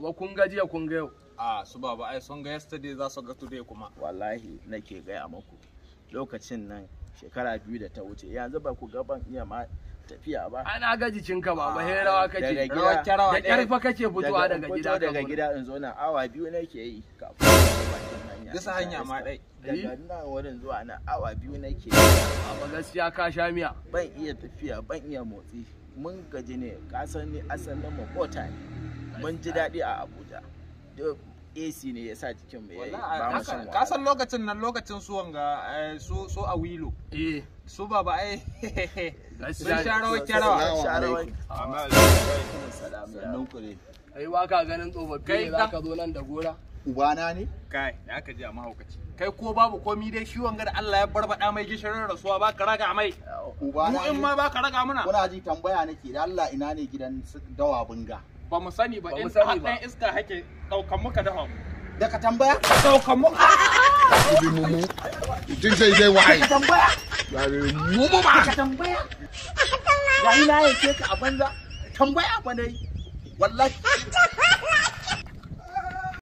ba kun ga jiya kun ga yau. A su ba ai sun ga yesterday za su ga today kuma. Wallahi nake gaya maku lokacin nan shekara biyu da ta wuce yanzu ba ku ga ban iya ma tafiya ba. Ana ga jikinka ba, he rawa ah, kake rawa da karfa kake fitowa daga gida daga gida in zo na awa biyu nake yi kafin bisa hanya ma dai eh? daga nan wurin zuwa na awa biyu nake yi ba gaskiya ka sha miya ban iya tafiya ban iya motsi mun gaji ne kasan ni asalin makota ne mun ji daɗi a abuja AC ne ya sa jikin mu yayi ba mu ka san lokacin nan lokacin su wanga eh, su su a wilo eh su baba eh, ai sun sharawa kyarawa sharawa amma sannan ku ne kai ka ganin tsofaffi za ka zo nan da gora ubana ne kai da ka ji a mahaukaci kai ko babu komi dai shi wanga da Allah ya barbada mai gishirin rasuwa ba ka raga mai ubana mu in ma ba ka raga muna kuna ji tambaya nake da Allah ina ne gidan dawa bunga ba mu sani ba in haɗin iska hake ɗaukan muka dafa mu da ka tambaya ɗaukan mu ibi mumu mutum zai zai wa'ai ka tambaya mumu ba ka tambaya ga ina yake ka a banza tambaya ba na wallahi